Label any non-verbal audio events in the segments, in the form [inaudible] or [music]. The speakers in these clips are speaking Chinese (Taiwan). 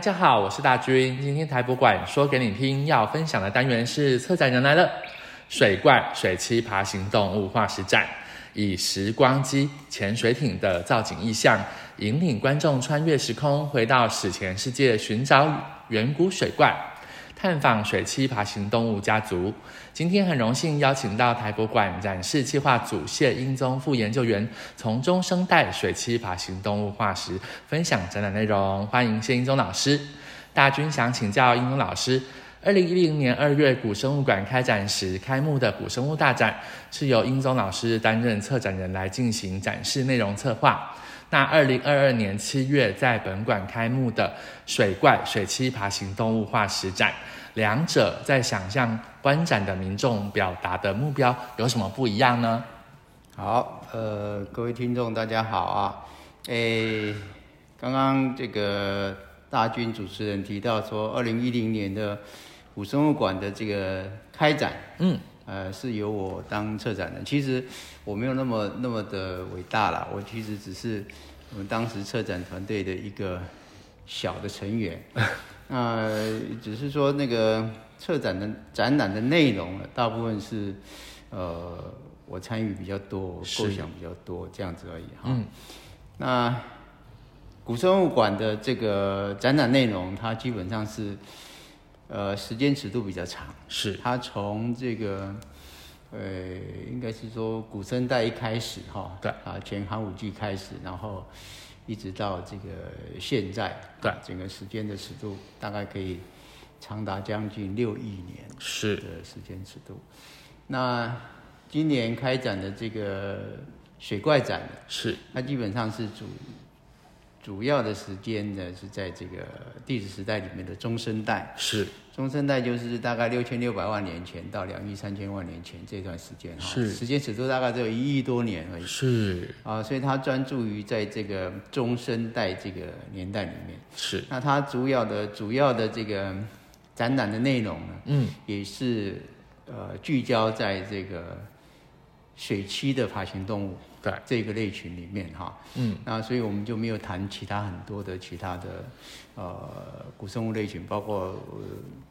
大家好，我是大軍。今天台博館說給你聽，要分享的單元是策展人來了——水怪水棲爬行動物化石展，以時光機、潛水艇的造景意象，引領觀眾穿越時空，回到史前世界，尋找遠古水怪。探訪水棲爬行動物家族。今天很榮幸邀請到臺博館展示企劃組謝英宗副研究員，從中生代水棲爬行動物化石分享展覽內容。歡迎謝英宗老師。大軍想請教英宗老師，二零一零年二月古生物館開展時開幕的古生物大展，是由英宗老師擔任策展人來進行展示內容策劃。那二零二二年七月在本館開幕的水怪水棲爬行動物化石展，兩者在想向觀展的民眾表達的目標有什麼不一樣呢？好，呃，各位聽眾大家好啊，欸、剛剛這個大軍主持人提到說，二零一零年的古生物館的這個開展，嗯，呃，是由我當策展人，其實。我沒有那麼那麼的偉大啦，我其實只是我們當時策展團隊的一個小的成員。那、 [laughs] 呃、只是說那個策展的展覽的內容，大部分是呃我參與比較多，構想比較多是這樣子而已哈。嗯、那古生物館的這個展覽內容，它基本上是呃時間尺度比較長，是它從這個。呃，應該是說古生代一開始哈，對啊，前寒武紀開始，然後一直到這個現在，對，整個時間的尺度大概可以長達將近六億年，是的時間尺度。是那今年開展的這個水怪展，是它基本上是主。主要的時間呢，是在這個地質時代裡面的中生代，是中生代就是大概六千六百萬年前到兩億三千萬年前這段時間哈，是時間尺度大概只有一億多年而已。是啊，所以他專注於在這個中生代這個年代裡面，是那它主要的主要的這個展覽的內容呢，嗯，也是呃聚焦在這個水棲的爬行動物。對，這個類群裡面哈，嗯，那所以我們就沒有談其他很多的其他的呃古生物類群，包括，呃，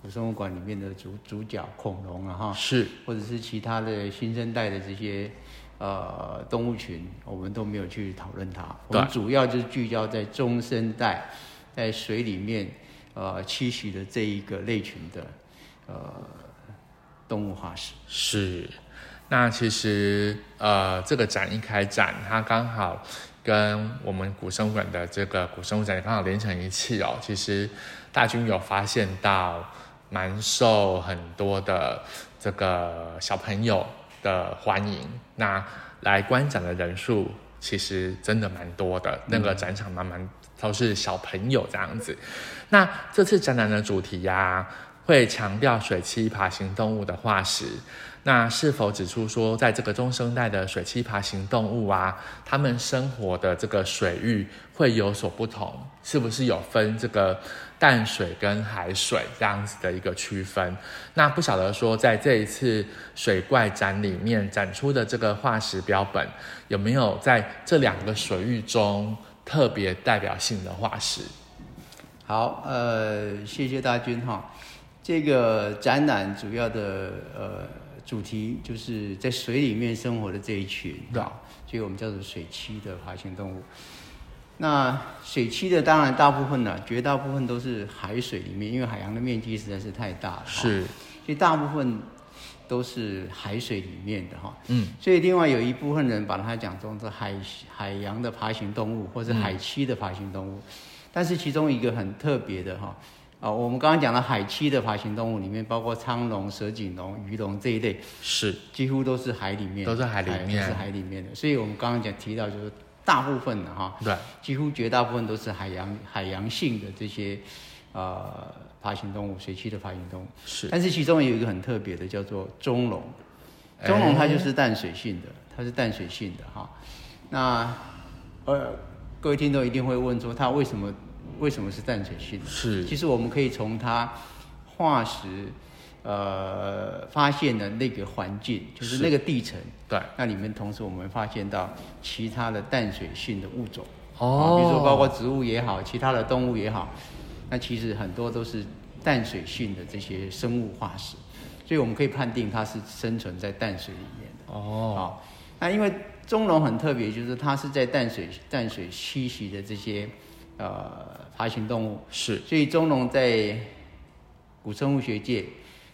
古生物館裡面的主主角恐龍啊哈，是，或者是其他的新生代的這些呃動物群，我們都沒有去討論它。對我們主要就是聚焦在中生代在水裡面呃棲息的這一個類群的呃動物化石。是。那其實，呃，這個展一開展，它剛好跟我們古生物館的這個古生物展剛好連成一氣哦。其實，大軍有發現到蠻受很多的這個小朋友的歡迎，那來觀展的人數其實真的蠻多的，嗯、那個展場滿滿都是小朋友這樣子。那這次展覽的主題呀、啊，會強調水棲爬行動物的化石，那是否指出說，在這個中生代的水棲爬行動物啊，他們生活的這個水域會有所不同，是不是有分這個淡水跟海水這樣子的一個區分？那不曉得說，在這一次水怪展裡面展出的這個化石標本，有沒有在這兩個水域中特別代表性的化石？好，呃，謝謝大軍哈。這個展覽主要的呃主題就是在水裡面生活的這一群啊，所以我們叫做水棲的爬行動物。那水棲的當然大部分呢、啊，絕大部分都是海水裡面，因為海洋的面積實在是太大了。是，所以大部分都是海水裡面的哈。嗯。所以另外有一部分人把它講成是海海洋的爬行動物，或是海棲的爬行動物，嗯、但是其中一個很特別的哈。啊、呃，我們剛剛講的海棲的爬行動物裡面，包括滄龍、蛇頸龍、魚龍這一類，是幾乎都是海裡面，都是海裡面，海是海裡面的。所以，我們剛剛講提到，就是大部分的哈，對，幾乎絕大部分都是海洋海洋性的這些呃爬行動物，水棲的爬行動物。是，但是其中有一個很特別的，叫做中龍。中龍它就是淡水性的，欸、它是淡水性的哈。那呃，各位聽眾一定會問說，它為什麼？為什麼是淡水性呢？是，其實我們可以從它化石，呃，發現的那個環境，就是那個地層，對，那裡面同時我們發現到其他的淡水性的物種，哦，比如說包括植物也好，其他的動物也好，那其實很多都是淡水性的這些生物化石，所以我們可以判定它是生存在淡水裡面的。哦，好、哦，那因為中龍很特別，就是它是在淡水淡水棲息的這些。呃，爬行動物是，所以中龍在古生物學界，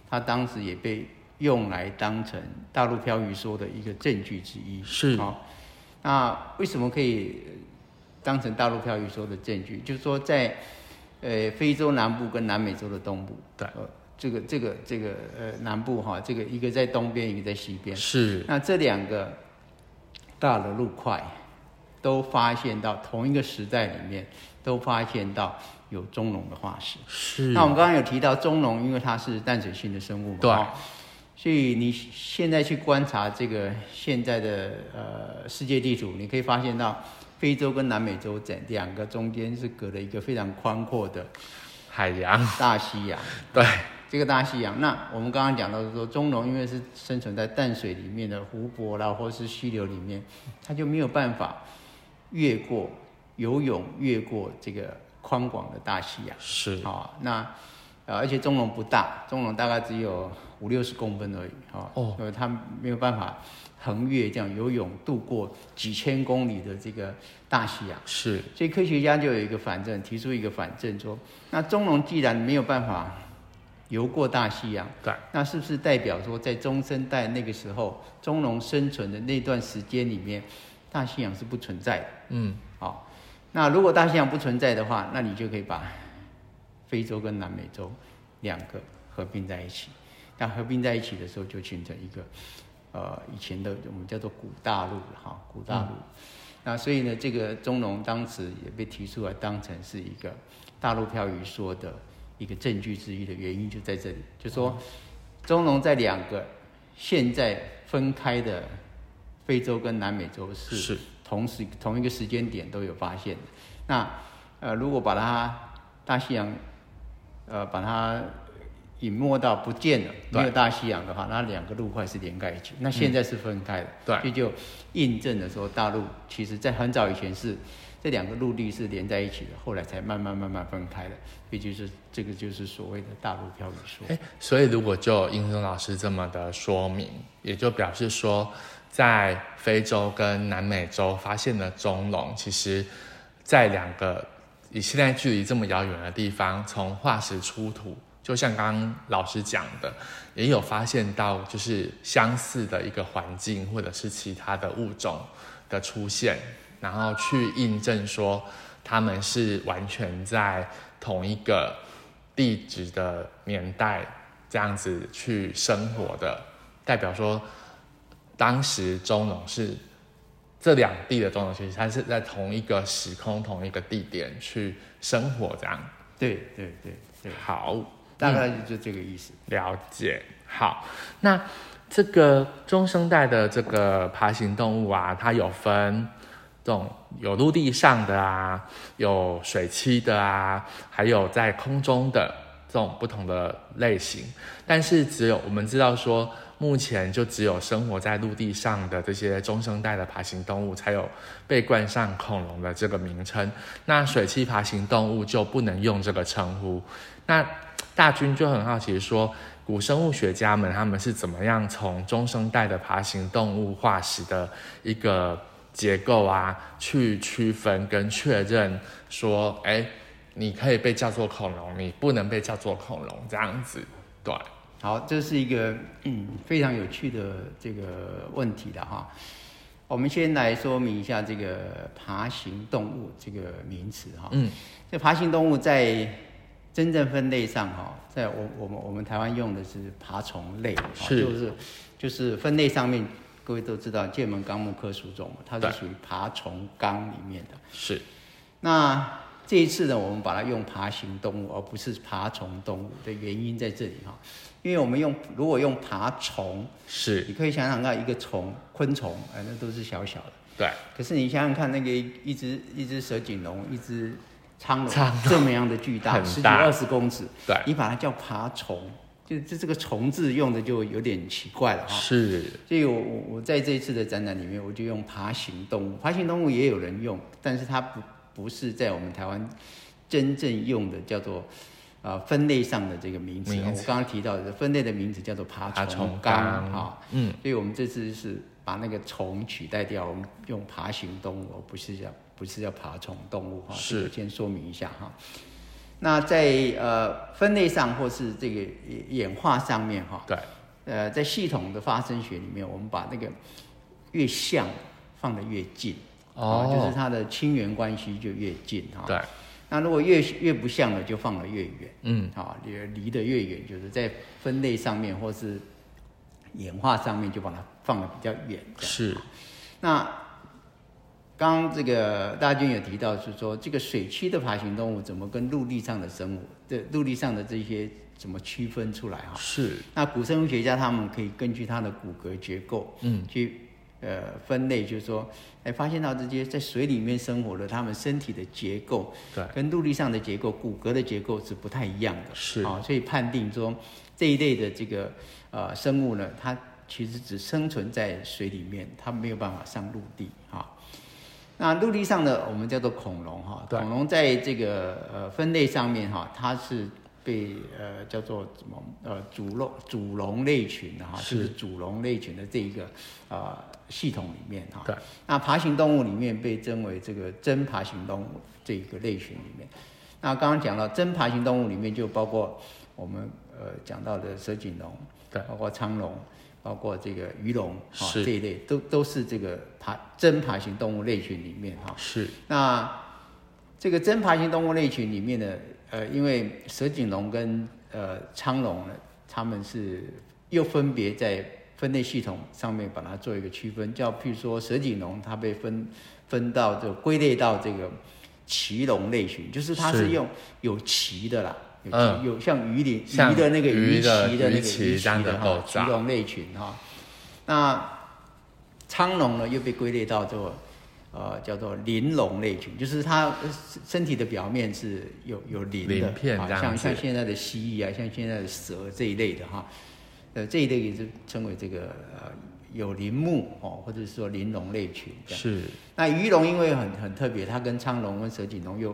它當時也被用來當成大陸漂移說的一個證據之一。是啊、哦，那為什麼可以當成大陸漂移說的證據？就是說在，在呃非洲南部跟南美洲的東部，對、呃，這個這個這個呃南部哈、哦，這個一個在東邊，一個在西邊。是，那這兩個大的陸塊都發現到同一個時代裡面。都發現到有中龍的化石。是。那我們剛剛有提到中，中龍因為它是淡水性的生物嘛，對。所以你現在去觀察這個現在的呃世界地圖，你可以發現到非洲跟南美洲在兩個中間是隔了一個非常寬闊的海洋，大西洋。對。這個大西洋，那我們剛剛講到是說，中龍因為是生存在淡水裡面的湖泊啦，然後或是溪流裡面，它就沒有辦法越過。游泳越過這個寬廣的大西洋是、哦、啊，那而且中龍不大，中龍大概只有五六十公分而已，哦，因為它沒有辦法橫越這樣游泳度過幾千公里的這個大西洋是，所以科學家就有一個反證，提出一個反證說，那中龍既然沒有辦法游過大西洋，對，那是不是代表說在中生代那個時候，中龍生存的那段時間裡面，大西洋是不存在的？嗯。那如果大西洋不存在的話，那你就可以把非洲跟南美洲兩個合併在一起。那合併在一起的時候，就形成一個呃以前的我們叫做古大陸哈，古大陸。嗯、那所以呢，這個中龍當時也被提出來當成是一個大陸漂移說的一個證據之一的原因就在這裡，就說中龍在兩個現在分開的非洲跟南美洲是是。同時同一個時間點都有發現，那呃，如果把它大西洋，呃，把它隱沒到不見了，對沒有大西洋的話，那兩個陸塊是連在一起。那現在是分開的，這、嗯、就印證的說，對大陸其實在很早以前是這兩個陸地是連在一起的，後來才慢慢慢慢分開的。也就是這個就是所謂的大陸漂移說。所以如果就英宗老師這麼的說明，也就表示說。在非洲跟南美洲發現的中龍，其實，在兩個以現在距離這麼遙遠的地方，從化石出土，就像剛剛老師講的，也有發現到就是相似的一個環境，或者是其他的物種的出現，然後去印證說他們是完全在同一個地質的年代這樣子去生活的，代表說。當時中龍是這兩地的中龍，其實它是在同一個時空、同一個地點去生活，這樣。對對對對，對對對好，嗯、大概就是這個意思。了解。好，那這個中生代的這個爬行動物啊，它有分這種有陸地上的啊，有水棲的啊，還有在空中的這種不同的類型。但是只有我們知道說。目前就只有生活在陸地上的這些中生代的爬行動物才有被冠上恐龍的這個名稱，那水棲爬行動物就不能用這個稱呼。那大軍就很好奇說，古生物學家們他們是怎麼樣從中生代的爬行動物化石的一個結構啊，去區分跟確認說，哎，你可以被叫做恐龍，你不能被叫做恐龍，這樣子，對。好，這是一個嗯非常有趣的這個問題的哈。我們先來說明一下這個爬行動物這個名詞哈。嗯，這爬行動物在真正分類上哈，在我我們我們台灣用的是爬蟲類哈，是就是就是分類上面各位都知道，界門綱目科屬種，它是屬於爬蟲綱裡面的。是對。那這一次呢，我們把它用爬行動物而不是爬蟲動物的原因在這裡哈。因為我們用，如果用爬蟲，是，你可以想想看，一個蟲，昆蟲，哎，那都是小小的。對。可是你想想看，那個一只一只蛇頸龍，一只滄龍，滄龍，這麼樣的巨大，大十幾二十公尺，對，你把它叫爬蟲，就這這個蟲字用的就有點奇怪了哈。是。所以我我我在這一次的展覽裡面，我就用爬行動物，爬行動物也有人用，但是它不不是在我們台灣真正用的，叫做。呃、分類上的這個名,名字，我剛剛提到的分類的名字叫做爬蟲綱，哈，哦、嗯，所以我們這次是把那個蟲取代掉，我們用爬行動物，不是叫不是叫爬蟲動物哈，哦、是我先說明一下哈、哦。那在呃分類上或是這個演化上面哈，哦、對，呃，在系統的發生學裡面，我們把那個越像放得越近，哦,哦，就是它的親緣關係就越近哈，哦、對。那如果越越不像了，就放了越遠，嗯，好、哦，離離得越遠，就是在分類上面或是演化上面，就把它放得比較遠。是，那剛這個大軍有提到，是說這個水棲的爬行動物怎麼跟陸地上的生物這陸地上的這些怎麼區分出來？哈、哦，是。那古生物學家他們可以根據它的骨骼結構，嗯，去。呃，分類就是說，哎、欸，發現到這些在水裡面生活的，它們身體的結構，對，跟陸地上的結構，對骨骼的結構是不太一樣的，是啊，哦，所以判定說這一類的這個呃生物呢，它其實只生存在水裡面，它沒有辦法上陸地哈，哦。那陸地上的我們叫做恐龍哈，哦，對恐龍在這個呃分類上面哈，哦，它是。被呃叫做什麼呃主龍主龍類群啊，是主龍類群的這一個啊、呃、系統裡面哈。對。那爬行動物裡面被稱為這個真爬行動物這一個類群裡面，那剛剛講到真爬行動物裡面就包括我們呃講到的蛇頸龍，對，包括滄龍，包括這個魚龍，是這一類都都是這個爬真爬行動物類群裡面哈。是。那這個真爬行動物類群裡面的。呃，因為蛇頸龍跟呃滄龍呢，他們是又分別在分類系統上面把它做一個區分，叫譬如說蛇頸龍，它被分分到就歸類到這個鰭龍類群，就是它是用有鰭的啦是有，有像魚鱗魚的那個魚鰭的那個鰭一樣哈，鰭龍類群哈。那滄龍呢，又被歸類到這個。呃，叫做鱗龍類群，就是它身體的表面是有有鱗的，像、啊、像現在的蜥蜴啊，像現在的蛇這一類的哈，呃、啊，這一類也是稱為這個呃有鱗目哦，或者是說鱗龍類群。是。那魚龍因為很很特別，它跟滄龍跟蛇頸龍又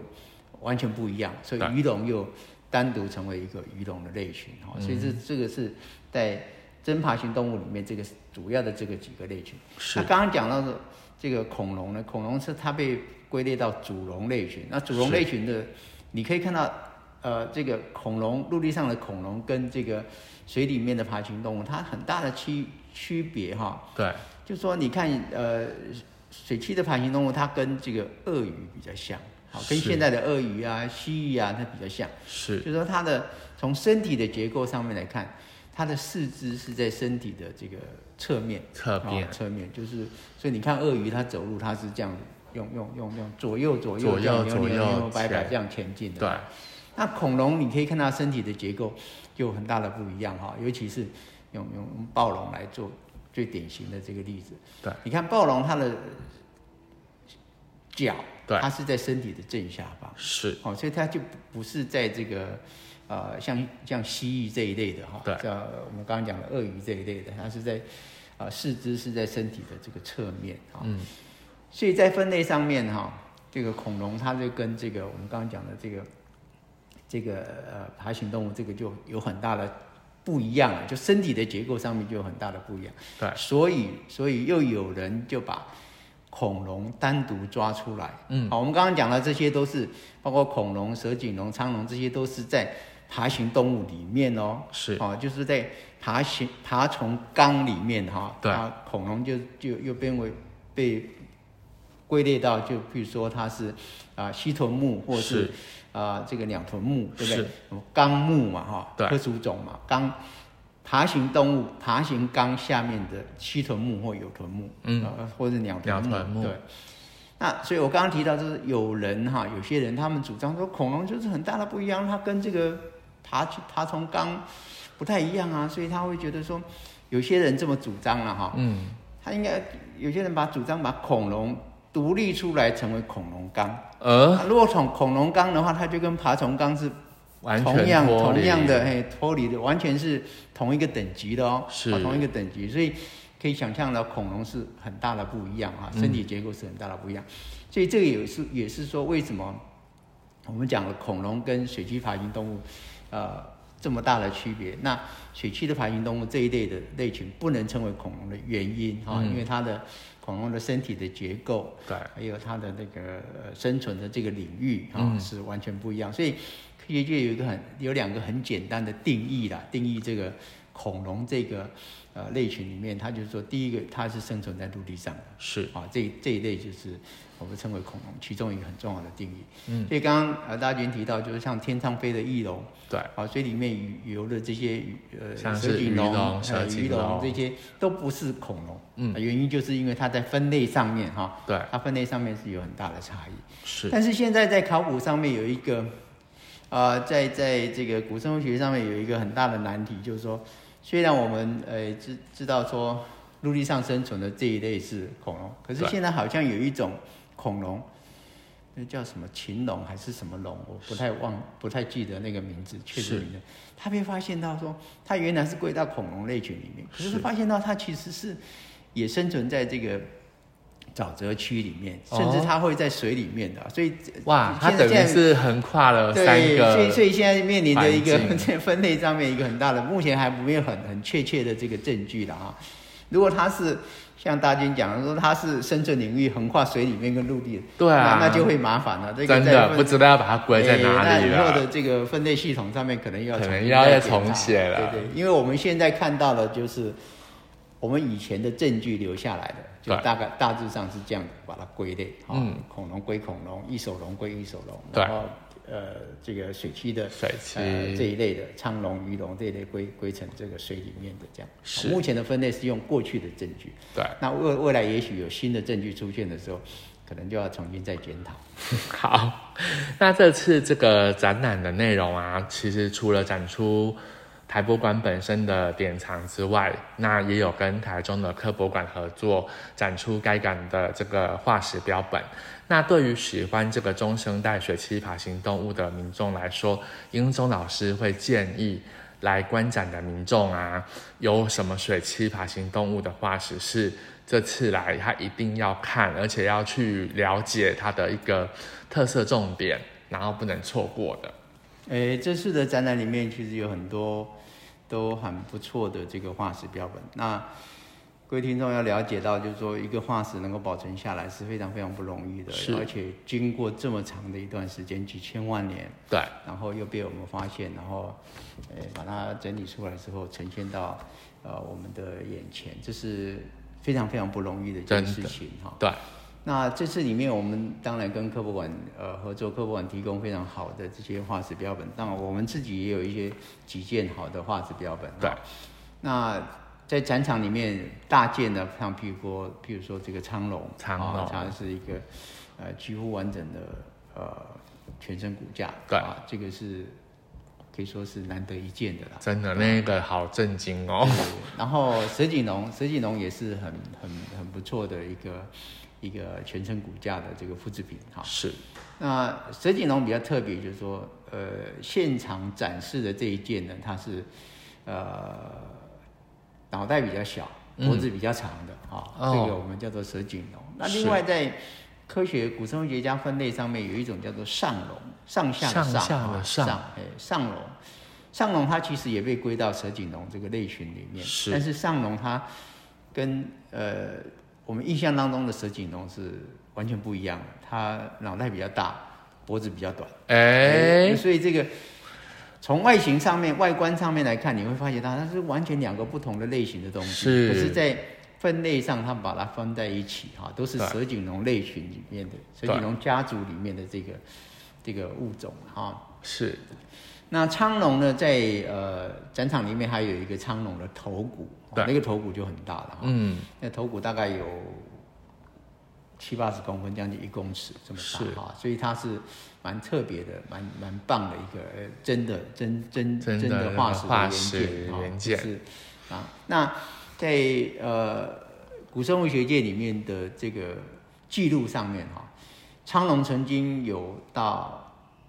完全不一樣，所以魚龍又單獨成為一個魚龍的類群、嗯、所以這這個是在真爬行動物裡面這個主要的這個幾個類群。是。他剛剛講到的，這個恐龍呢？恐龍是它被歸類到主龍類群。那主龍類群的，是你可以看到，呃，這個恐龍陸地上的恐龍跟這個水裡面的爬行動物，它很大的區區別哈。對。就是說你看，呃，水棲的爬行動物，它跟這個鱷魚比較像，好是，跟現在的鱷魚啊、蜥蜴啊，它比較像。是。就是說它的從身體的結構上面來看，它的四肢是在身體的這個。側面，側面、哦，側面，就是，所以你看鱷魚它走路，它是這樣用用用用左右左右左右扭扭擺擺這樣前進的。對，那恐龍你可以看它身體的結構就很大的不一樣哈，尤其是用用暴龍來做最典型的這個例子。對，你看暴龍它的腳，對，它是在身體的正下方，是，哦，所以它就不不是在這個。呃，像像蜥蜴這一類的哈，像、哦、對我們剛剛講的鱷魚這一類的，它是在，呃，四肢是在身體的這個側面啊。哦、嗯，所以在分類上面哈、哦，這個恐龍它就跟這個我們剛剛講的這個這個呃爬行動物，這個就有很大的不一樣了，就身體的結構上面就有很大的不一樣。對，所以所以又有人就把恐龍單獨抓出來。嗯，好，我們剛剛講的這些都是，包括恐龍、蛇頸龍、滄龍，這些都是在。爬行動物裡面哦，是哦、啊，就是在爬行爬蟲綱裡面哈，對，啊、恐龍就就又變為被歸類到，就比如說它是啊、呃、蜥臀目是或是啊、呃、這個鳥臀目，對不對？綱目是嘛哈，哦、對科屬種嘛，綱爬行動物爬行綱下面的蜥臀目或有臀目，嗯、啊，或是鳥臀目，鳥臀對。那所以我剛剛提到就是有人哈、啊，有些人他們主張說恐龍就是很大的不一樣，它跟這個。爬爬蟲綱，不太一樣啊，所以他會覺得說，有些人這麼主張了哈，嗯，他應該有些人把主張把恐龍獨立出來成為恐龍綱，呃、啊，如果從恐龍綱的話，它就跟爬蟲綱是同樣完全同樣的，脫離的完全是同一個等級的哦，是同一個等級，所以可以想象到恐龍是很大的不一樣啊，身體結構是很大的不一樣，嗯、所以這個也是也是說為什麼我們講了恐龍跟水棲爬行動物。呃，這麼大的區別，那水棲的爬行動物這一類的類群不能稱為恐龍的原因哈，嗯、因為它的恐龍的身體的結構，對，還有它的那個生存的這個領域啊，嗯、是完全不一樣，所以科學界有一個很，有兩個很簡單的定義啦，定義這個恐龍這個呃類群裡面，它就是說第一個它是生存在陸地上的，是啊，這這一類就是。我們稱為恐龍，其中一個很重要的定義。嗯，所以剛剛呃，大家已經提到，就是像天上飛的翼龍，對，啊，所以裡面魚游的這些魚呃，蛇頸龍、還有、呃、魚龍這些都不是恐龍。嗯、啊，原因就是因為它在分類上面哈，對，它分類上面是有很大的差異。是，但是現在在考古上面有一個，呃、在在這個古生物學上面有一個很大的難題，就是說，雖然我們呃知知道說陸地上生存的這一類是恐龍，可是現在好像有一種。恐龍，那叫什麼禽龍還是什麼龍？我不太忘，是不太記得那個名字。確實的，是他被發現到說，他原來是歸到恐龍類群裡面，可是他發現到他其實是也生存在這個沼澤區裡面，是甚至它會在水裡面的，哦、所以哇，現在他等於是橫跨了三個。對，所以所以現在面臨着一個分類上面一個很大的，目前還沒有很很確切的這個證據的啊。如果他是。像大軍講的說，它是生存領域橫跨水裡面跟陸地的，對啊那，那就會麻煩了。這個、真的不知道要把它歸在哪裡、欸。那以後的這個分類系統上面可能要、啊、可能要再重寫了。對，對對，因為我們現在看到的就是我們以前的證據留下來的，就大概對大致上是這樣的，把它歸類。喔、嗯，恐龍歸恐龍，翼手龍歸翼手龍。對。然後呃，這個水棲的水棲期、呃、這一類的滄龍、魚龍這一類歸歸成這個水裡面的這樣，是目前的分類是用過去的證據。對，那未未來也許有新的證據出現的時候，可能就要重新再檢討。 [laughs] 好，那這次這個展覽的內容啊，其實除了展出。台博館本身的典藏，之外，那也有跟台中的科博館合作展出該館的這個化石標本。那對於喜歡這個中生代水棲爬行動物的民眾來說，英宗老師會建議來觀展的民眾啊，有什麼水棲爬行動物的化石是這次來他一定要看，而且要去了解他的一個特色重點，然後不能錯過的。哎、欸，這次的展覽裡面其實有很多，都很不錯的這個化石標本。那各位聽眾要了解到，就是說，一個化石能夠保存下來是非常非常不容易的，是而且經過這麼長的一段時間，幾千萬年，對，然後又被我們發現，然後，欸，把它整理出來之後呈現到，呃，我們的眼前，這是非常非常不容易的一件事情哈。對。那這次裡面，我們當然跟科博館呃合作，科博館提供非常好的這些化石標本。那我們自己也有一些幾件好的化石標本。對、啊。那在展場裡面，大件的，像譬如說，譬如說這個滄龍，滄龍它是一個、呃、幾乎完整的、呃、全身骨架。對、啊。這個是可以說是難得一見的啦真的，對那個好震驚哦。然後石龍，蛇頸龍，蛇頸龍也是很很很不錯的一個一個全身骨架的這個複製品哈，是。那蛇頸龍比較特別，就是說，呃，現場展示的這一件呢，它是，呃，腦袋比較小，脖子、嗯、比較長的啊、哦、這個我們叫做蛇頸龍。是。那另外在科學古生物學家分類上面，有一種叫做上龍，上下上啊上，哎、啊欸，上龍，上龍它其實也被歸到蛇頸龍這個類群裡面，是。但是上龍它跟呃。我們印象當中的蛇頸龍是完全不一樣的，它腦袋比較大，脖子比較短，哎、欸，所以這個從外形上面，外觀上面來看，你會發現它它是完全兩個不同的類型的東西，是。可是，在分類上，它把它分在一起哈，都是蛇頸龍類群裡面的對蛇頸龍家族裡面的這個這個物種哈，是。那滄龍呢，在呃展場裡面還有一個滄龍的頭骨對、喔，那個頭骨就很大了，嗯、那頭骨大概有七八十公分，將近一公尺這麼大哈是、喔，所以它是蠻特別的，蠻蠻棒的一個，欸、真的真真真的，真的化石的原件，原件喔就是啊，那在呃古生物學界裡面的這個記錄上面哈，喔、滄龍曾經有到。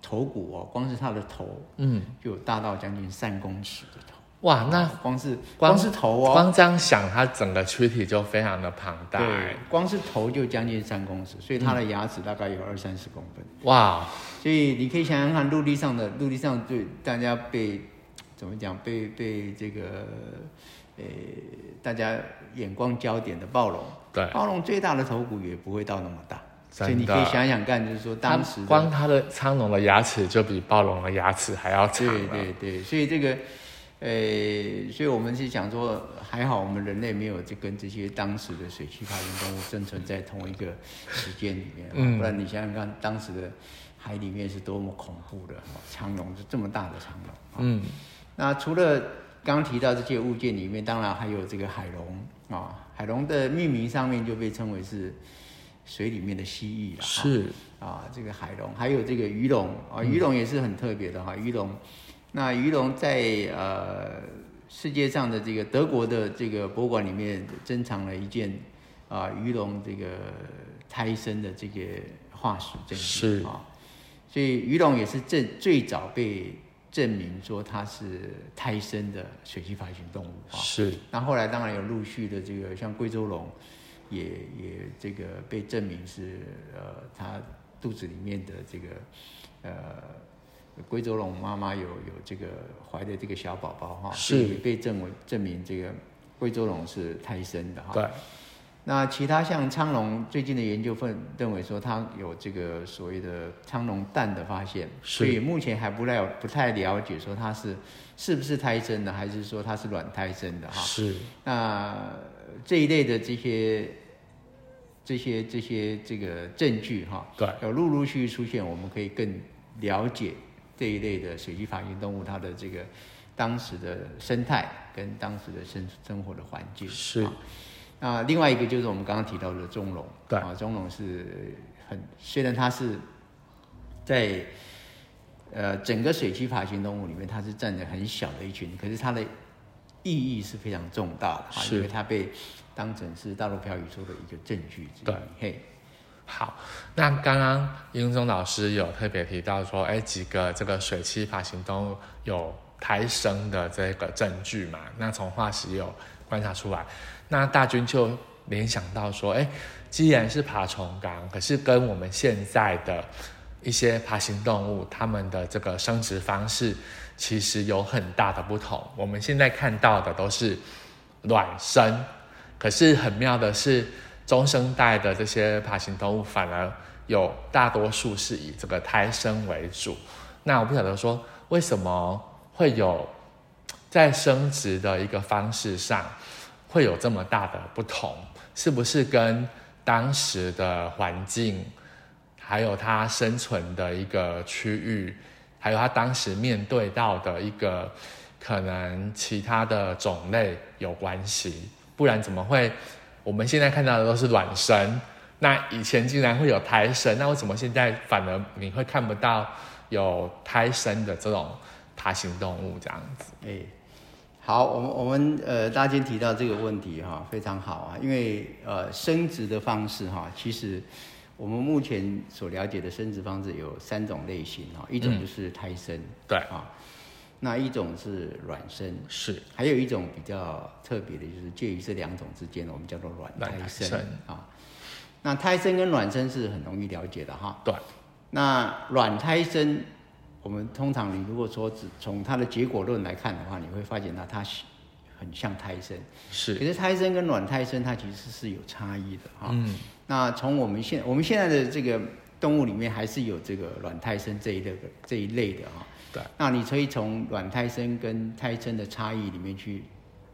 頭骨哦，光是它的頭，嗯，就大到將近三公尺的頭。嗯、哇，那、啊、光是光，光是頭哦，光這樣想，它整個軀體就非常的龐大。對，光是頭就將近三公尺，所以它的牙齒大概有二三十公分。哇，所以你可以想想看，陸地上的陸地上最大家被怎麼講被被這個呃大家眼光焦點的暴龍，對，暴龍最大的頭骨也不會到那麼大。所以你可以想想看，就是說當時，光它的滄龍的牙齒就比暴龍的牙齒還要長。對對對，所以這個，呃，所以我們是想說，還好我們人類沒有就跟這些當時的水棲爬行動物生存在同一個時間裡面，不然你想想看，當時的海裡面是多麼恐怖的，滄龍是這麼大的滄龍。嗯，那除了剛剛提到這些物件裡面，當然還有這個海龍啊，海龍的命名上面就被稱為是。水裡面的蜥蜴了哈，是啊，這個海龍，還有這個魚龍啊，魚龍也是很特別的哈。嗯、魚龍，那魚龍在呃世界上的這個德國的這個博物館裡面，珍藏了一件啊、呃、魚龍這個胎生的這個化石這個是啊，所以魚龍也是最最早被證明說它是胎生的水棲爬行動物啊，是，那後來當然有陸續的這個像貴州龍。也也這個被證明是呃，他肚子裡面的這個呃，貴州龍媽媽有有這個懷的這個小寶寶哈，是也被證為證明這個貴州龍是胎生的哈。對。那其他像滄龍，最近的研究份認為說他有這個所謂的滄龍蛋的發現，是。所以目前還不太不太了解說它是是不是胎生的，還是說它是卵胎生的哈。是。那這一類的這些。這些這些這個證據哈，對，要陸陸續續出現，我們可以更了解這一類的水棲爬行動物它的這個當時的生態跟當時的生生活的環境是，哦。那另外一個就是我們剛剛提到的中龍，啊對、哦，中龍是很雖然它是在，在呃整個水棲爬行動物裡面，它是佔的很小的一群，可是它的。意義是非常重大的，是因為它被當成是大陸漂移說的一個證據之一。對，嘿，好，那剛剛英宗老師有特別提到說，哎、欸，幾個這個水棲爬行動物有胎生的這個證據嘛？那從化石有觀察出來，那大軍就聯想到說，哎、欸，既然是爬蟲綱，可是跟我們現在的一些爬行動物，它們的這個生殖方式。其實有很大的不同。我們現在看到的都是卵生，可是很妙的是，中生代的這些爬行動物反而有大多數是以這個胎生為主。那我不曉得說，為什麼會有在生殖的一個方式上會有這麼大的不同？是不是跟當時的環境，還有它生存的一個區域？還有他當時面對到的一個可能其他的種類有關係，不然怎麼會？我們現在看到的都是卵生，那以前竟然會有胎生，那為什麼現在反而你會看不到有胎生的這種爬行動物這樣子？哎、欸，好，我們我們呃，大家今天提到這個問題哈，非常好啊，因為呃，生殖的方式哈，其實。我們目前所了解的生殖方式有三種類型，一種就是胎生，嗯、對啊，那一種是卵生，是，還有一種比較特別的，就是介於這兩種之間，我們叫做卵胎生啊。生那胎生跟卵生是很容易了解的哈，對。那卵胎生，我們通常你如果說只從它的結果論來看的話，你會發現到它很像胎生，是。可是胎生跟卵胎生它其實是有差異的哈。嗯那從我們現我們現在的這個動物裡面，還是有這個卵胎生這一類的這一類的哈。對。那你可以從卵胎生跟胎生的差異裡面去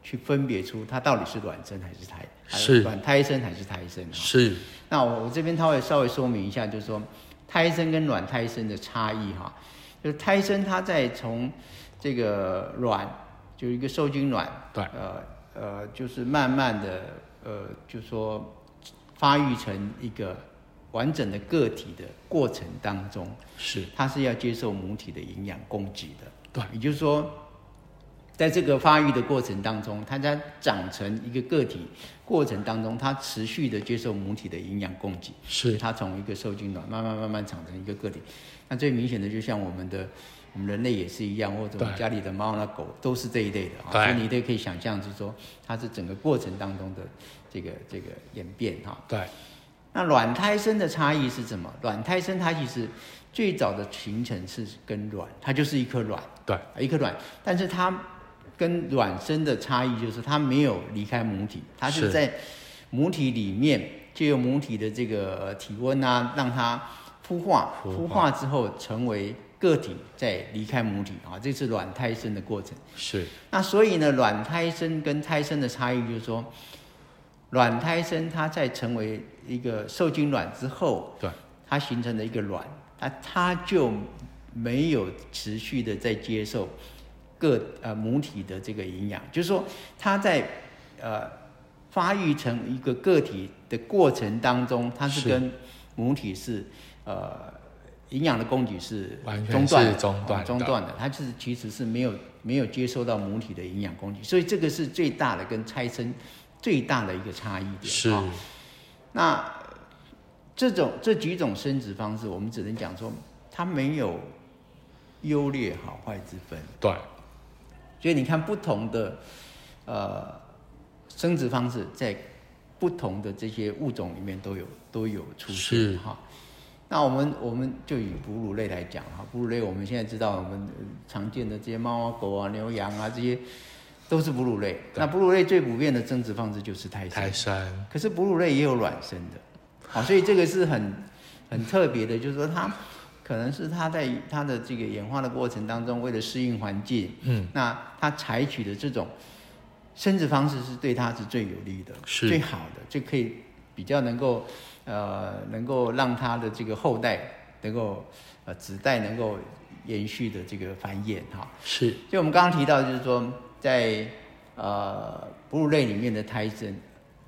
去分別出它到底是卵生還是胎，是。還是卵胎生還是胎生。是。那我這邊稍微稍微說明一下，就是說胎生跟卵胎生的差異哈，就是胎生它在從這個卵，就是一個受精卵，對。呃呃，就是慢慢的呃，就說。發育成一個完整的個體的過程當中，是它是要接受母體的營養供給的，對，也就是說，在這個發育的過程當中，它在長成一個個體過程當中，它持續的接受母體的營養供給，是它從一個受精卵慢慢慢慢長成一個個體，那最明顯的就像我們的。我們人類也是一樣，或者我們家裡的貓啦狗對都是這一類的啊，對所以你都可以想象，就是說它是整個過程當中的這個這個演變哈。對。那卵胎生的差異是什麼？卵胎生它其實最早的形成是跟卵，它就是一顆卵。對，一顆卵。但是它跟卵生的差異就是它沒有離開母體，它就是在母體裡面，借是由母體的這個體溫啊，讓它孵化，孵化，孵化之後成為。個體在離開母體啊，這是卵胎生的過程。是，那所以呢，卵胎生跟胎生的差異就是說，卵胎生它在成為一個受精卵之後，對，它形成了一個卵，它它就沒有持續的在接受個呃母體的這個營養，就是說它在呃發育成一個個體的過程當中，它是跟母體是，是，呃。營養的供給是中斷、哦，中斷，中斷的，對它就是其實是沒有沒有接受到母體的營養供給，所以這個是最大的跟胎生最大的一個差異點。是。哦、那這種這幾種生殖方式，我們只能講說它沒有優劣好壞之分。對。所以你看，不同的呃生殖方式，在不同的這些物種裡面都有都有出現，哈。那我們我們就以哺乳類來講哈，哺乳類我們現在知道，我們常見的這些貓啊、狗啊、牛羊啊，這些都是哺乳類。對那哺乳類最普遍的生殖方式就是胎生。胎生可是哺乳類也有卵生的，好，所以這個是很很特別的，就是說它可能是它在它的這個演化的過程當中，為了適應環境，嗯，那它採取的這種生殖方式是對它是最有利的，是最好的，就可以比較能夠。呃，能夠讓他的這個後代能夠，呃，子代能夠延續的這個繁衍哈。是。就我們剛剛提到，就是說，在呃哺乳類裡面的胎生，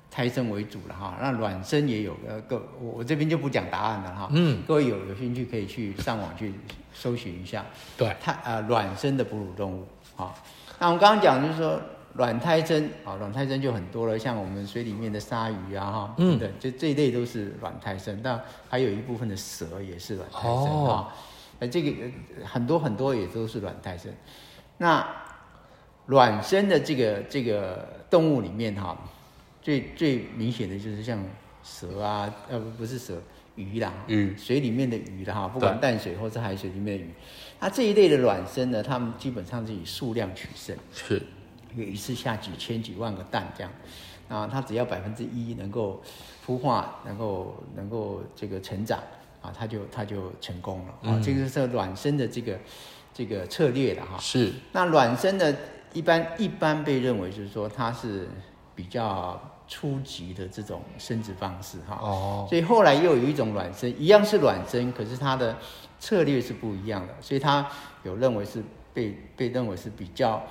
胎生為主了哈。那卵生也有，呃，各我我這邊就不講答案了哈。嗯。各位有有興趣可以去上網去搜尋一下。對。胎呃卵生的哺乳動物啊。那我們剛剛講就是說。卵胎生啊，卵胎生就很多了，像我們水裡面的鯊魚啊，哈、嗯，嗯，這一類都是卵胎生，但還有一部分的蛇也是卵胎生那、哦哦、這個很多很多也都是卵胎生。那卵生的這個這個動物裡面哈，最最明顯的就是像蛇啊，呃，不是蛇，魚啦，嗯，水裡面的魚啦，哈，不管淡水或是海水裡面的魚，那對，這一類的卵生呢，它們基本上是以數量取勝，是。一次下幾千幾萬個蛋這樣，啊，它只要百分之一能夠孵化，能夠能夠這個成長，啊，它就它就成功了，嗯、啊，這個是卵生的這個這個策略了哈。是。那卵生的一般一般被認為就是說它是比較初級的這種生殖方式哈。哦，哦。所以後來又有一種卵生，一樣是卵生，可是它的策略是不一樣的，所以它有認為是被被認為是比較。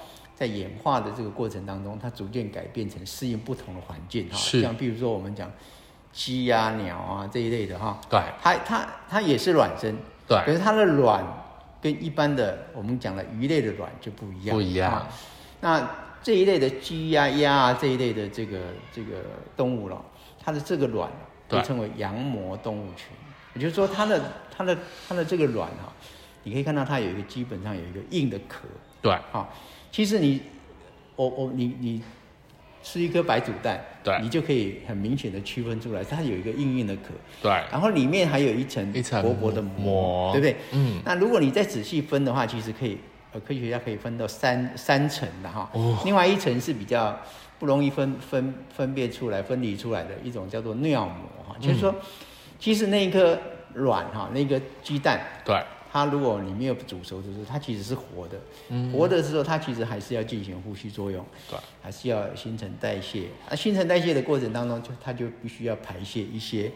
在演化的這個過程當中，它逐漸改變成適應不同的環境哈。是像比如說我們講雞呀、啊、鳥啊這一類的哈。對。它、它、它也是卵生。對。可是它的卵跟一般的我們講的魚類的卵就不一樣。不一樣。那這一類的雞呀、啊、鴨啊這一類的這個這個動物了，它的這個卵被、啊、對稱為羊膜動物群。對也就是說，它的、它的、它的這個卵哈、啊，你可以看到它有一個基本上有一個硬的殼。對。好、哦。其實你，我、oh, 我、oh, 你你吃一顆白煮蛋，對，你就可以很明顯的區分出來，它有一個硬硬的殼，對，然後裡面還有一層薄薄的膜，對不對？嗯。那如果你再仔細分的話，其實可以，呃，科學家可以分到三三層的哈。哦。另外一層是比較不容易分分分辨出來、分離出來的一種叫做尿膜哈，嗯、就是說，其實那一顆卵哈，那個雞蛋，對。它如果你沒有煮熟的時候，就是它其實是活的，活的時候它其實還是要進行呼吸作用，對、嗯嗯，還是要新陳代謝。那新陳代謝的過程當中，就它就必須要排泄一些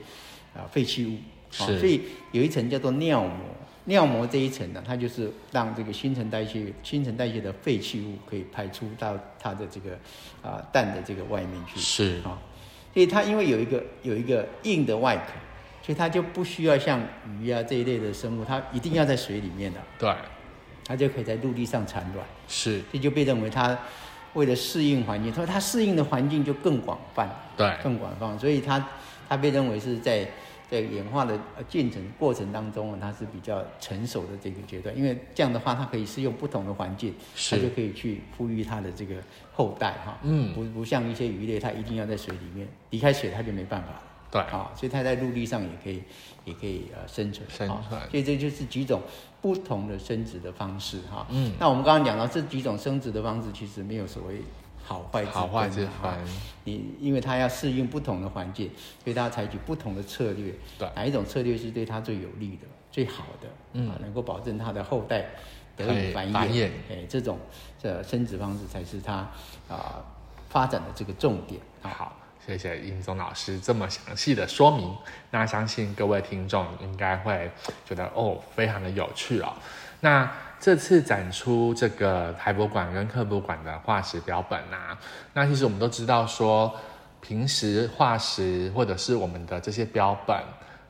啊廢棄物，是。所以有一層叫做尿膜，尿膜這一層呢，它就是讓這個新陳代謝新陳代謝的廢棄物可以排出到它的這個啊、呃、蛋的這個外面去，是啊。所以它因為有一個有一個硬的外殼。所以它就不需要像魚啊這一類的生物，它一定要在水裡面的。對，它就可以在陸地上產卵。是。這就被認為它為了適應環境，它適應的環境就更廣泛。對。更廣泛，所以它它被認為是在在演化的呃進程過程當中，它是比較成熟的這個階段。因為這樣的話，它可以適用不同的環境，是。它就可以去哺育它的這個後代哈。嗯。不不像一些魚類，它一定要在水裡面，離開水它就沒辦法了。對，啊、哦，所以它在陸地上也可以，也可以呃生存，哦、生存。所以這就是幾種不同的生殖的方式，哈、哦。嗯。那我們剛剛講到這幾種生殖的方式，其實沒有所謂好壞之分。好壞之分。、哦、你因為它要適應不同的環境，所以它採取不同的策略。對。哪一種策略是對它最有利的、最好的？嗯、啊。能夠保證它的後代得以繁衍。繁衍。哎，這種呃生殖方式才是它啊、呃、發展的這個重點。哦、好。謝謝英宗老師這麼詳細的說明，那相信各位聽眾應該會覺得哦，非常的有趣哦。那這次展出這個台博館跟科博館的化石標本啊，那其實我們都知道說，平時化石或者是我們的這些標本，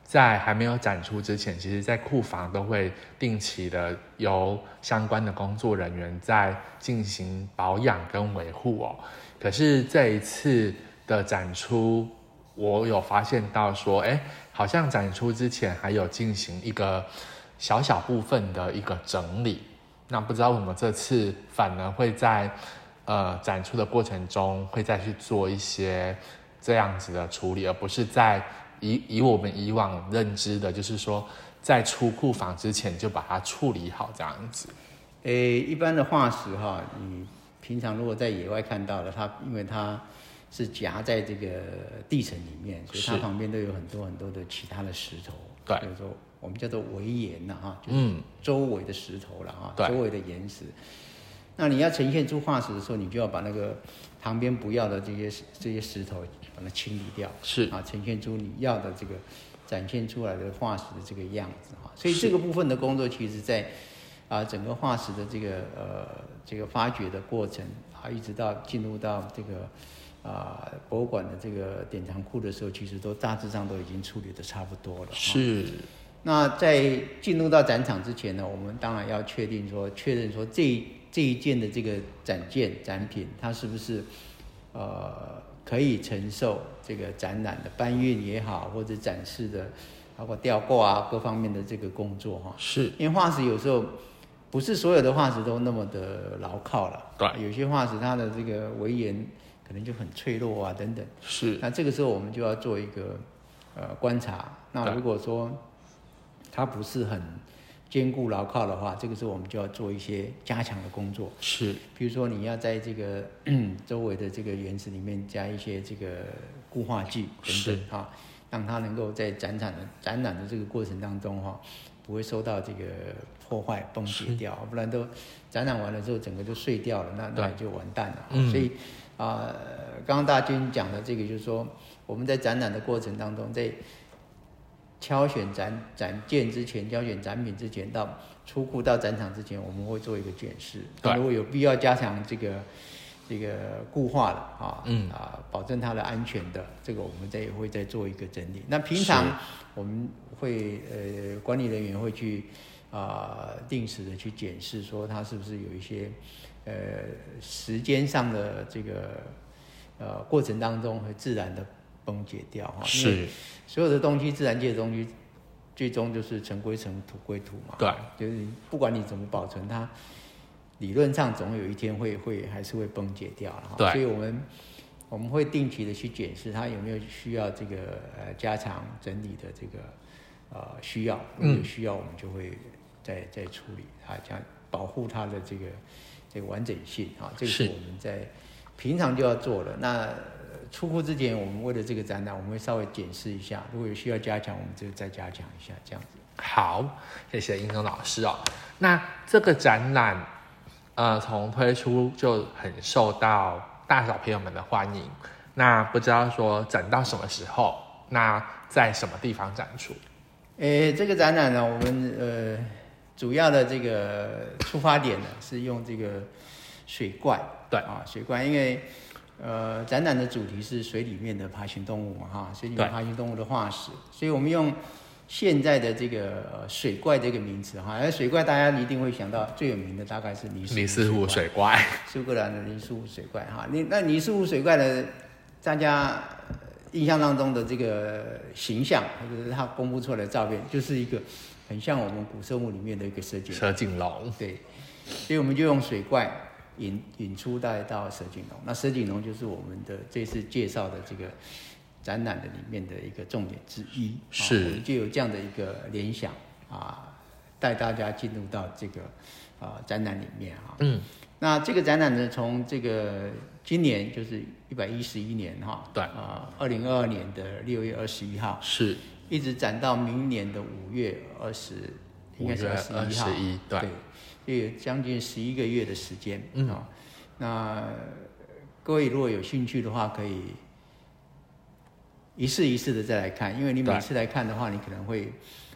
在還沒有展出之前，其實在庫房都會定期的由相關的工作人員在進行保養跟維護哦。可是這一次。的展出，我有發現到說，哎、欸，好像展出之前還有進行一個小小部分的一個整理。那不知道我們這次反而會在呃展出的過程中會再去做一些這樣子的處理，而不是在以以我們以往認知的，就是說在出庫房之前就把它處理好這樣子。誒、欸，一般的化石哈，你平常如果在野外看到了它，因為它。是夾在這個地層裡面，所以它旁邊都有很多很多的其他的石頭，對，比如說我們叫做圍岩啊哈，就是周圍的石頭了、啊、哈，嗯、周圍的岩石。那你要呈現出化石的時候，你就要把那個旁邊不要的這些這些石頭把它清理掉，是啊，呈現出你要的這個展現出來的化石的這個樣子哈。所以這個部分的工作，其實在，在啊整個化石的這個呃這個發掘的過程啊，一直到進入到這個。啊、呃，博物館的這個典藏庫的時候，其實都大致上都已經處理的差不多了。是、哦，那在進入到展場之前呢，我們當然要確定說，確認說，這一這一件的這個展件展品，它是不是呃可以承受這個展覽的搬運也好，或者展示的包括吊掛啊各方面的這個工作哈。哦、是，因為化石有時候不是所有的化石都那麼的牢靠了，對 Right.、啊，有些化石它的這個圍岩。可能就很脆弱啊，等等。是。那這個時候我們就要做一個，呃，觀察。那如果說它不是很堅固牢靠的話，這個時候我們就要做一些加強的工作。是。比如說你要在這個周圍的這個原子裡面加一些這個固化劑等等啊是、哦，讓它能夠在展覽的展覽的這個過程當中哈、哦，不會受到這個破壞崩解掉，是不然都展覽完了之後整個就碎掉了，那那就完蛋了。對所以。嗯啊，剛剛、呃、大軍講的這個，就是說我們在展覽的過程當中，在挑選展展件之前，挑選展品之前，到出庫到展場之前，我們會做一個檢視，對如果有必要加強這個這個固化了啊，嗯、啊，保證它的安全的，這個我們再也會再做一個整理。那平常我們會是呃管理人員會去。啊、呃，定時的去檢視，說它是不是有一些，呃，時間上的這個，呃，過程當中會自然的崩解掉哈。是。所有的東西，自然界的東西，最終就是塵歸塵，土歸土嘛。對。就是不管你怎麼保存它，理論上總有一天會會還是會崩解掉了哈。對。所以我們我們會定期的去檢視它有沒有需要這個呃加強整理的這個呃需要，有需要我們就會。在在處理啊，這樣保護它的這個這個完整性。啊、哦，這是我們在是平常就要做的。那出庫之前，我們為了這個展覽，我們會稍微檢視一下，如果有需要加強，我們就再加強一下，這樣子。好，謝謝英宗老師哦。那這個展覽呃，從推出就很受到大小朋友們的歡迎。那不知道說展到什麼時候？那在什麼地方展出？誒、欸，這個展覽呢、啊，我們呃。主要的這個出發點呢， [laughs] 是用這個水怪，對啊，水怪，因為呃，展覽的主題是水裡面的爬行動物嘛，哈、啊，水裡面爬行動物的化石，對所以我們用現在的這個水怪這個名詞，哈、啊，而水怪大家一定會想到最有名的大概是尼斯湖水怪，蘇格蘭的尼斯湖水怪，哈、啊，你那尼斯湖水怪的大家印象當中的這個形象，或、就、者是他公布出來的照片，就是一個。很像我們古生物裡面的一個蛇頸蛇頸龍，對，所以我們就用水怪引引出，帶到蛇頸龍。那蛇頸龍就是我們的這次介紹的這個展覽的裡面的一個重點之一，是、啊、就有這樣的一個聯想啊，帶大家進入到這個啊展覽裡面啊。嗯，那這個展覽呢，從這個今年就是一百一十一年哈、啊，對啊，二零二二年的六月二十一號是。一直展到明年的五月二十，應該是二十一號，21, 對，對就有將近十一個月的時間，嗯，那各位如果有興趣的話，可以一次一次的再來看，因為你每次來看的話，對你可能會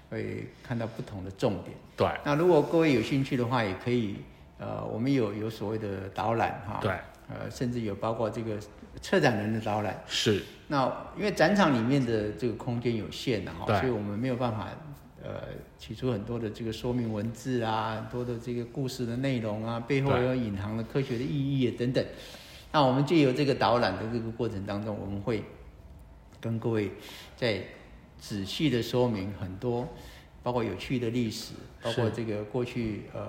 會看到不同的重點，對。那如果各位有興趣的話，也可以，呃，我們有有所謂的導覽哈，呃、對，呃，甚至有包括這個。策展人的導覽是那，因為展場裡面的這個空間有限的、啊、哈，對所以我們沒有辦法呃提出很多的這個說明文字啊，很多的這個故事的內容啊，背後有隱含的科學的意義、啊、對等等。那我們借由這個導覽的這個過程當中，我們會跟各位再仔細的說明很多，包括有趣的歷史，包括這個過去是呃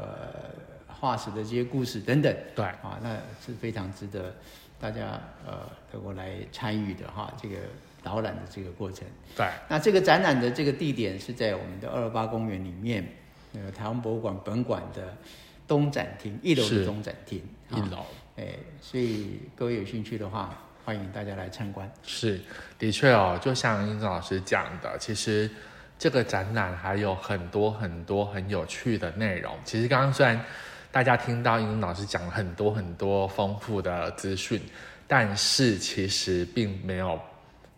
化石的這些故事等等。對啊，那是非常值得。大家呃，都來參與的哈，這個導覽的這個過程。對。那這個展覽的這個地點是在我們的二二八公園裡面，那個、台灣博物館本館的東展廳一樓的東展廳。一樓。哎，所以各位有興趣的話，歡迎大家來參觀。是，的確哦，就像英宗老師講的，其實這個展覽還有很多很多很有趣的內容。其實剛剛雖然。大家聽到英宗老師講了很多很多豐富的資訊，但是其實並沒有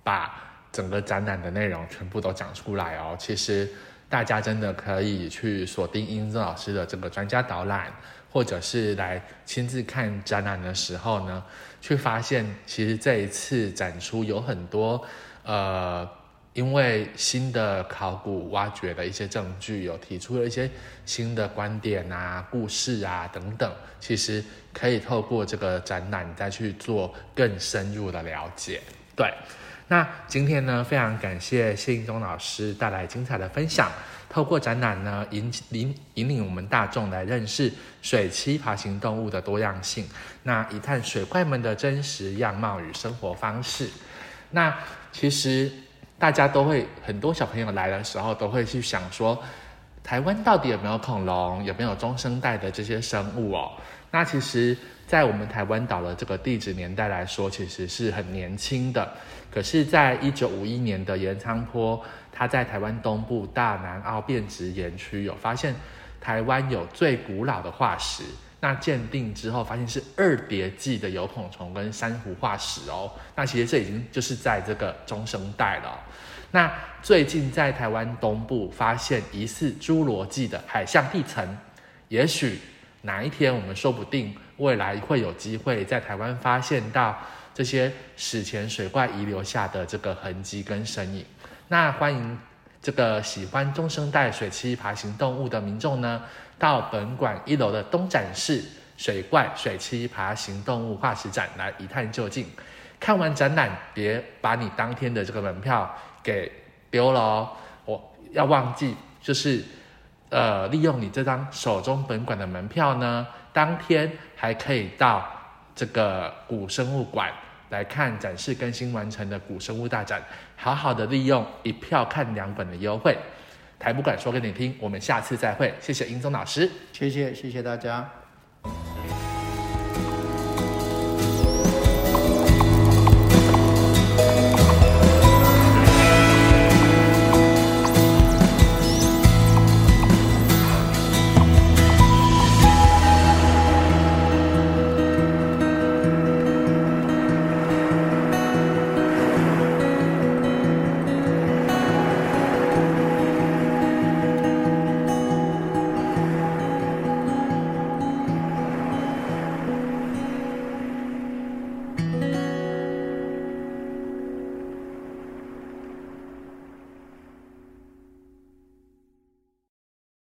把整個展覽的內容全部都講出來哦。其實大家真的可以去鎖定英宗老師的這個專家導覽，或者是來親自看展覽的時候呢，去發現其實這一次展出有很多呃。因為新的考古挖掘，了一些證據，有提出了一些新的觀點啊、故事啊等等，其實可以透過這個展覽再去做更深入的了解。對，那今天呢，非常感謝謝英宗老師帶來精彩的分享，透過展覽呢引、引、引、引領我們大眾來認識水棲爬行動物的多樣性，那一探水怪們的真實樣貌與生活方式。那其實。大家都會很多小朋友來的時候都會去想說，台灣到底有沒有恐龍，有沒有中生代的這些生物哦？那其實，在我們台灣島的這個地質年代來說，其實是很年輕的。可是，在一九五一年的顏滄波，它在台灣東部大南澳變質岩區有發現台灣有最古老的化石。那鑑定之後發現是二疊紀的有孔蟲跟珊瑚化石哦。那其實這已經就是在這個中生代了。那最近在台灣東部發現疑似侏羅紀的海相地層，也許哪一天我們說不定未來會有機會在台灣發現到這些史前水怪遺留下的這個痕跡跟身影。那歡迎這個喜歡中生代水棲爬行動物的民眾呢，到本館一樓的東展示水怪水棲爬行動物化石展來一探究竟。看完展覽，別把你當天的這個門票。給丟了哦！我要忘記，就是，呃，利用你這張手中本館的門票呢，當天還可以到這個古生物館來看展示更新完成的古生物大展，好好的利用一票看兩本的優惠。台博館說給你聽，我們下次再會，謝謝英宗老師，謝謝謝謝大家。